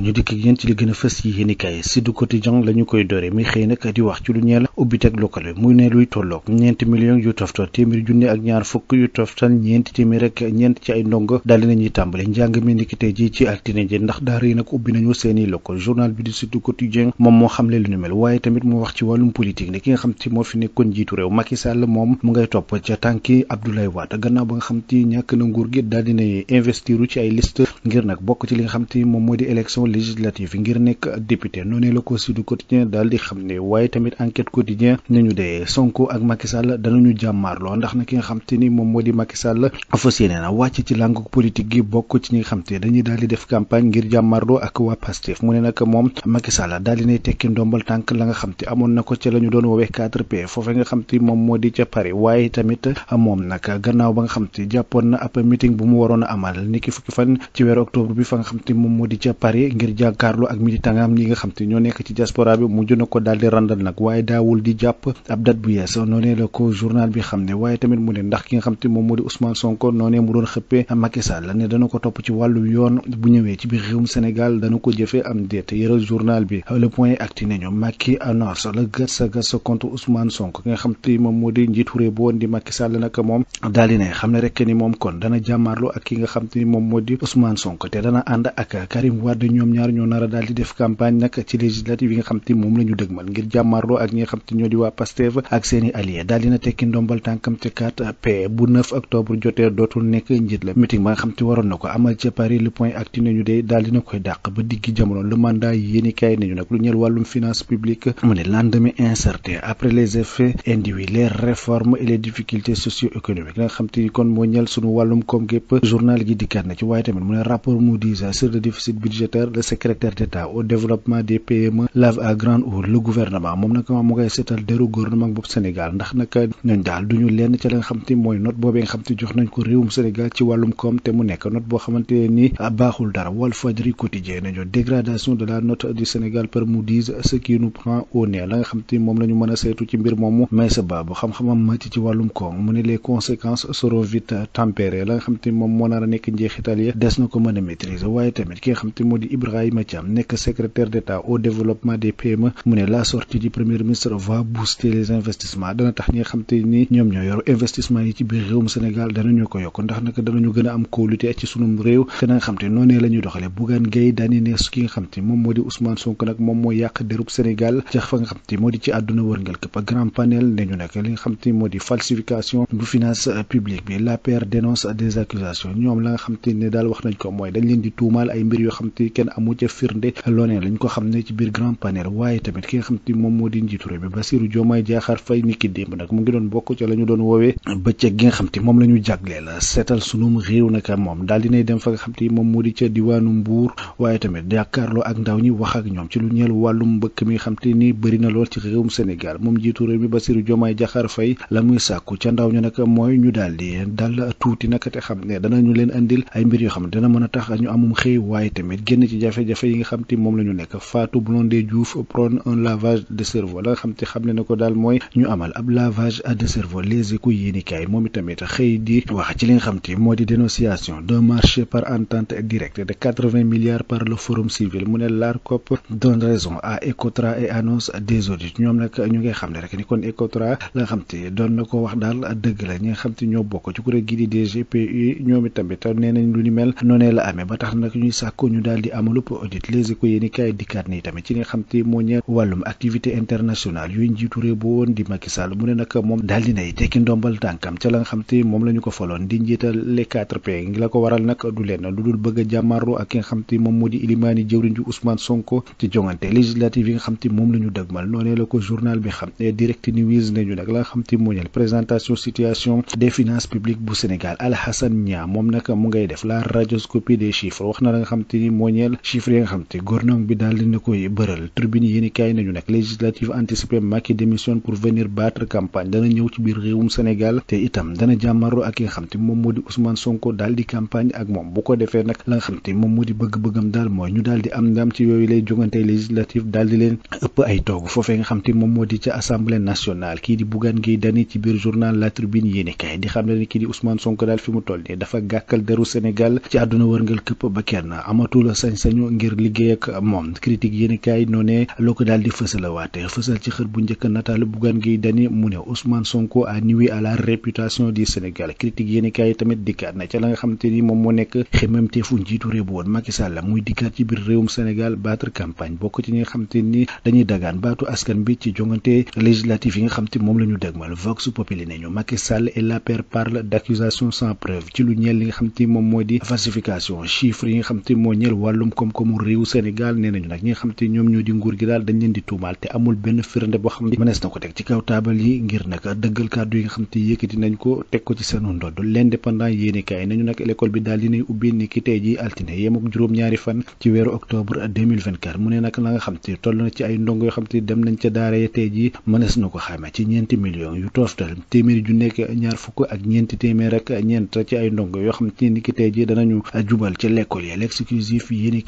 ñu dikk yéen ci li gën fës yi yéenikaay si du quotidien koy dore mi xëy nag di wax ci lu ñeel ubbiteg lokal bi muy ne luy tolloog ñeenti millions yu toftal téeméer yu toftal ñeenti téeméer rek ñeent ci ay ndongo daal dinañuy tàmbale njàng mi niki ji ci altine ji ndax daara yi nag ubbi nañu seeni lokal journal bi di si du moom moo xamle lu mel waaye tamit mu wax ci wàllum politique ne ki nga xam moo fi nekkoon jiitu réew Macky législative ngir nekk député noonee la ko Sud Quotidien daal di xam ne waaye tamit enquête quotidien nañu dee Sonko ak Macky Sall danañu jàmmaarloo ndax na ki nga xam te ni moom moo di Macky Sall fas di ne tekki ndombal tànk la nga xam te amoon na ko ca la doon woowee 4 foofee nga xam te moom moo di ca Paris waaye tamit moom nag gannaaw ba nga xam te jàppoon na ab meeting bu mu waroon a amal ni ki fukki fan ci weeru octobre bi fa nga xam te ngir jàkkaarloo ak militant am yi nga xam te ñoo nekk ci diaspora bi mujj na ko daal di randal nag waaye daawul di jàpp ab date bu yees noonee ko journal bi xam ne waaye tamit mu ne ndax ki nga xam te moom mu di njiitu réew bu di Macky Sall nag moom daal di xam ne rek ni moom kon dana jàmmaarloo ak ki nga xam te moom moo di Ousmane Sonko te dana ànd ak Karim Wade ñoom ñoom ñaar ñoo nar a daal di def campagne nag ci législative yi nga xam te moom la ñu dëgmal ngir jàmmarloo ak ñi nga xam te ñoo di waa Pastef ak seen i alliés daal tekki ndombal tànkam ci 4P bu 9 jotee dootul nekk njiit la meeting ba nga xam waroon na ko amal ca Paris le point acti nañu de daal dina koy dàq ba diggi jamono le mandat yéeni kaay nañu nag lu ñeel wàllum finance publique mu ne lendemain incertain après les effets induits les réformes et le secrétaire d'État au développement des PME lave à grande eau le gouvernement moom nag mu ngay seetal deru gouvernement boobu Sénégal ndax nag ñooñ daal du lenn ca la nga xam te mooy note boobee nga xam jox nañ ko réewum Sénégal ci wàllum koom te mu nekk note boo xamante ni baaxul dara Walf Fadjri quotidien nañu dégradation de la note du Sénégal par Moody's ce qui nous prend la nga xam te moom la ñu mën a seetu ci mbir moomu Meissa Ba bu xam-xamam màcc ci wàllum koom mu ne la nga xam te moom moo nar a nekk njeexital ya des na ko a Ibrahima Thiam nekk secrétaire d'État au développement des PME mu ne la sortie du premier ministre va booster les investissements dana tax ñi nga ni ñoom ñoo yor investissement yi ci biir réewum Sénégal danañu ko yokk ndax nag danañu gën a am kóolute ci sunum réew te na nga xam noonee la doxalee Bougane Gueye Dany ne su nga xam moom moo di Ousmane Sonko nag moom moo yàq dérub Sénégal jax fa nga xam moo di ci àdduna wërngal këpp grand panel amu ca firnde loonee lañ ko xam ne ci biir grand panel waaye tamit ki nga xam te moom moo di njiitu réew la ñu doon woowee bëccëg gi nga xam moom la ñu jagleel seetal sunum réew naka moom daal dinay dem fa nga xam te moom moo di ca diwaanu Mbuur waaye tamit jàkkaarloo ak ndaw ñi wax ak ñoom ci lu ñeel wàllum mbëkk mi xam te ni bëri na lool ci réewum Sénégal moom njiitu réew mi Bassirou Diomaye Diakhar Faye la muy sàkku ca ndaw ñu nag mooy ñu daal di dal tuuti nag te xam ne ñu leen indil ay mbir yoo xam ne dana mën a tax ñu amum xëy waaye tamit génn ci jafe-jafe yi nga xam te moom la ñu nekk Fatou Blondin Diouf prône un lavage de cerveau la nga xam xam ne na ko daal mooy ñu amal ab lavage de cerveau les échos yéenikaay moom itamit nga xam moo di dénonciation d'un marché par entente directe de milliards par le forum civil mu ne l'ARCOP donne raison à Ecotra et annonce des ñoom nag ñu ngi xam ne rek ni kon Ecotra la nga xam doon na wax daal dëgg la ñi nga xam ñoo bokk ci kuréel gi di DGPU amalub audit les éco yéeni dikkaat na tamit ci nga xam te wàllum activité internationale yooyu njiitu réew bu woon di Macky mu ne nag moom daal nay tekki ndombal tànkam ca la nga xam moom la di a ilimaani jëwriñ ju Ousmane Sonko ci jongante législative yi nga xam moom la ñu dëgmal ko journal bi xam direct news nañu nag la nga xam te présentation situation des finances publiques bu Sénégal Alhassane Nia moom nag chiffres yi nga xam te gouvernement bi daal dina koy bëral turbine yéen nañu nag législative anticipée Macky démissionne pour venir battre campagne dana ñëw ci biir réewum Sénégal te itam dana jàmmarloo ak nga xam te moom moo di Ousmane Sonko daal di campagne ak moom bu ko defee nag la xam te moom moo di bëgg-bëggam daal mooy ñu daal am ndam ci yooyu lay jogante législative daal leen ëpp ay toogu foofee nga xam te moom moo di ca assemblée nationale kii di Bougane Gueye Dany ci biir journal La Tribune yéen i kaay di xam ne kii di Ousmane Sonko sañ-sañu ngir liggéey ak moom critique yéen kaay noo ne loo ko daal di fësalawaate fësal ci xër bu njëkk nataal Bougane Gueye Dany mu ne Ousmane Sonko a nuit à la réputation du Sénégal critique yéen tamit dikkaat na ca la nga xamante ni moom moo nekk xememteefu njiitu réew bu muy dikkaat ci biir réewum Sénégal battre campagne bokk ci nga xamante ni dañuy dagaan baatu askan bi ci jongante législative yi nga xam moom la dëgmal Vox Populi ne ñu koom-koomu réewu Sénégal nee nañu nag ñi nga xam te ñoom ñoo di nguur gi daal dañ leen di tuumaal te amul benn firnde boo xam ne mënees na ko teg ci kaw taabal yi ngir nag dëggal kàddu yi nga xam te yëkkati ko teg ko ci seenu ndodd l'indépendant yéeni nañu nag l'école bi daal dinay ubbi ni ki tey altine yem ak juróom-ñaari fan ci weeru octobre mu ne nag la nga xam te na ci ay ndongo yoo xam te dem nañ ca daara ya tey ji mënees na ko xame ci ñeenti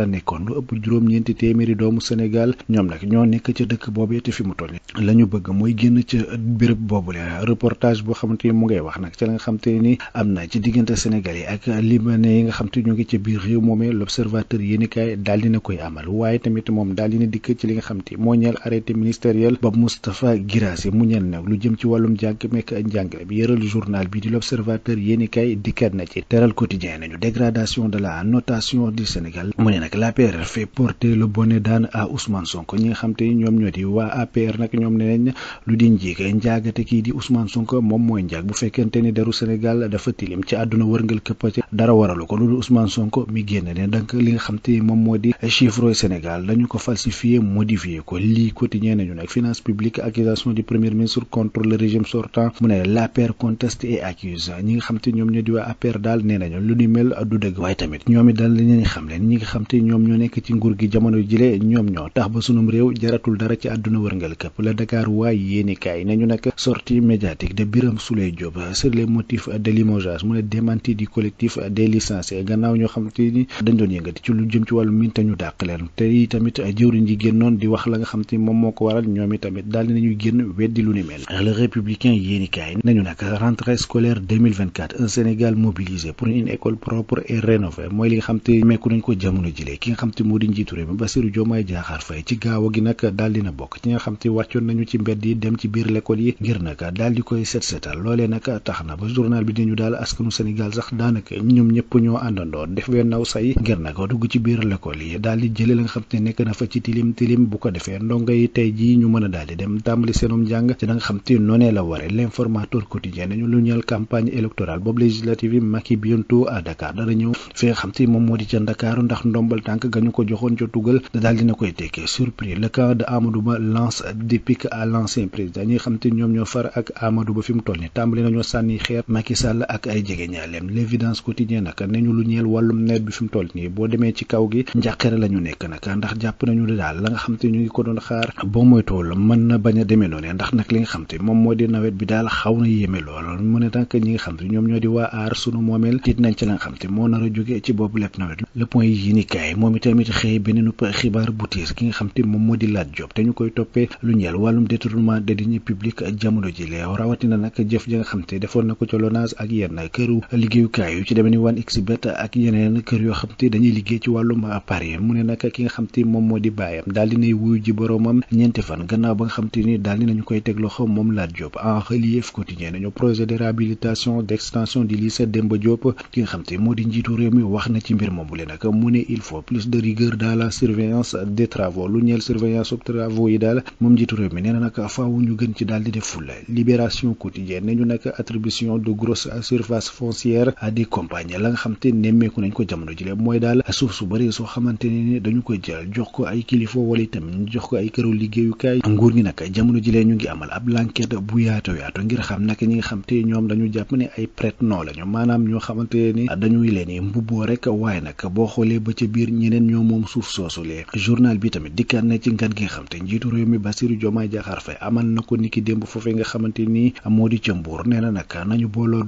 la nekkoon lu ëpp juróom-ñeenti téeméeri doomu Sénégal ñoom nag ñoo nekk ca dëkk boobee fi mu toll la ñu bëgg mooy génn ca ni mu ngay wax na ci diggante Sénégal yi ak libanais yi nga xam te ñu ngi ca biir réew moomee l'observateur yéeni kaay daal dina koy amal waaye tamit moom daal dina dikk ci li nga xam te moo ñeel arrêté ministériel ba Moustapha Guirassy mu ñeel nag lu jëm ci wàllum jàng mekk njàngale bi yëral journal bi di l'observateur yéeni kaay na ci teral quotidien nañu dégradation de la notation Sénégal mu ne nag nag l'APR fait porter le bonnet d'âne a Ousmane Sonko ñi nga xam te ñoom ñoo di waa APR nag ñoom ne nañ lu di njiig njaagate kii di Ousmane Sonko moom mooy njaag bu fekkente ni deru Sénégal dafa tilim ci àdduna wërngal ko loolu Ousmane Sonko mi génn ne li nga xam te moom moo di chiffre Sénégal dañu ko falsifié modifié ko lii quotidien nañu nag finance publique accusation du premier ministre contre le régime sortant mu ne l'APR conteste et accuse ñi ñoom ñoo di waa APR daal nee nañu lu ni mel du dëgg waaye tamit ñoom it yi ñoom ñoo nekk ci nguur gi jamono jile ñoom ñoo tax ba sunum réew jaratul dara ci àdduna wërngal këpp la Dakar waay nañu nag sortie médiatique de Birame Souleye Diop sur les motifs de limogeage mu ne démenti du collectif des licenciés gannaaw ñoo xam te ni yëngati ci lu jëm ci wàllu min ñu dàq leen te yi tamit jëwriñ ji génnoon di wax la nga xam te moom moo ko waral ñoom i tamit daal dinañuy génn weddi lu ni mel le républicain yéenikaay jàppale ki nga xam te moo di njiitu réew mi Bassirou Diomaye Diakhar Faye ci gaaw gi nag daal dina bokk ci nga xam te nañu ci mbedd yi dem ci biir l'école yi ngir nag daal di koy set setal loolee nag tax na ba journal bi dañu daal askanu Sénégal sax daanaka ñoom ñëpp ñoo àndandoo def wenn say ngir nag dugg ci biir l'école yi daal di la nga xam nekk na fa ci tilim tilim bu ko defee ndongo yi tey jii ñu mën a dem tàmbali seenum njàng ci da nga xam ndombal tànk ga ñu ko joxoon ca tugal daal dina koy tekkee surpris le camp de Amadou Ba lance des pics à l'ancien président ñi xam te ñoom ñoo far ak Amadou Ba fi mu toll ni tàmbali nañoo sànni xeer Macky Sall ak ay jege ñaaleem l'évidence quotidienne nag ñu lu ñeel wàllum nawet bi fi mu toll nii boo demee ci kaw gi njàqare la ñu nekk nag ndax jàpp nañu daal la nga xam te ñu ngi ko doon xaar boo moytuwul mën na bañ a demee noonu ndax nag li nga xam te moom moo di nawet bi daal xaw na yéeme lool mu ne tànk ñi nga xam te ñoom ñoo di waa aar sunu moomeel nañ ci la te moo nar a jóge ci le kaay moom itamit xëy beneen xibaar bu tiis ki nga xam te moom moo di Lat Diop te ñu koy toppee lu ñeel wàllum détournement de deniers publics jamono ji lee rawatina nag jëf ji nga xam te defoon na ko ca Lonase ak yenn këru liggéeyukaay yu ci demee ni wan yoo xam te dañuy liggéey ci wàllum pari mu ne nag ki nga xam te moom moo di bàyyam daal dinay wuyu ji boroomam ñeenti fan gannaaw ba nga xam te ni daal dinañu koy teg loxo moom Lat Diop en relief quotidien nañu projet de réhabilitation d' extension du lycée Demba Diop ki nga xam moo di njiitu réew mi wax na ci mbir moom bu travaux plus de rigueur dans surveillance des travaux lu ñeel surveillance des travaux yi daal moom njiitu réew mi nee na nag ñu gën ci daal di def fulla libération quotidienne ne ñu nag attribution de grosse surface foncière à des compagnies la nga xam te nemmeeku nañ ko jamono jile mooy daal suuf su bëri soo xamante ne dañu koy jël jox ko ay kilifa wala itam ñu jox ko ay këru liggéeyukaay nguur gi nag jamono jile ñu ngi amal ab l'enquête bu yaato yaato biir ñeneen ñoo moom suuf soosulee journal bi tamit dikkaat na ci ngan gi nga xam te njiitu réew mi Bassirou Diomaye Diakhar Faye amal na ko niki démb foofee nga xamante ni moo di ca Mbuur nee na nag nañu booloo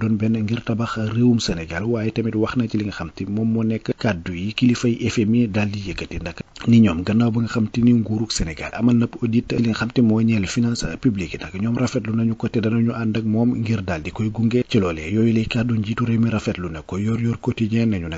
waaye tamit wax na ci li nga xam te moom moo nekk kàddu yi kilifay FMI daal di yëkkati nag ni ñoom gannaaw ba nga xam te ni nguurug Sénégal amal na ko audit li nga xam te moo ñeel finance publique yi nag ñoom rafetlu nañu ko te danañu ànd ak moom ngir daal di koy gunge ci loolee yooyu lay kàddu njiitu réew mi rafetlu na ko yor yor quotidien nañu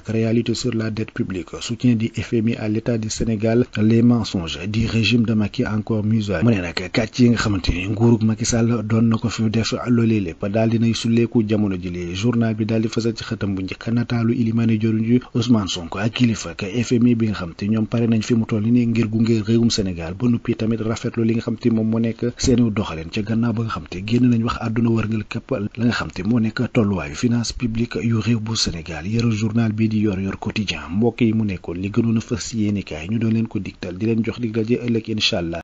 soutien du FMI à l'État du Sénégal les mensonges du régime de Macky encore musuwaay mu ne nag kàcc yi nga xamante ni nguurug Macky Sall doon na ko fi def loolee lépp daal dinay sulleeku jamono jile journal bi daal di fasal ci xëtam njëkk nataalu Ilimani Diorou ji Ousmane Sonko ak kilifa ka FMI bi nga xam te ñoom pare nañ fi mu toll nii ngir gunge réewum Sénégal ba noppi tamit rafetlu li nga xam te moom moo nekk seeni doxalin ca gannaaw ba nga xam kon li gënoon a fës yéene kaay ñu doon leen ko digtal di leen jox dig daje ëllëg incha allah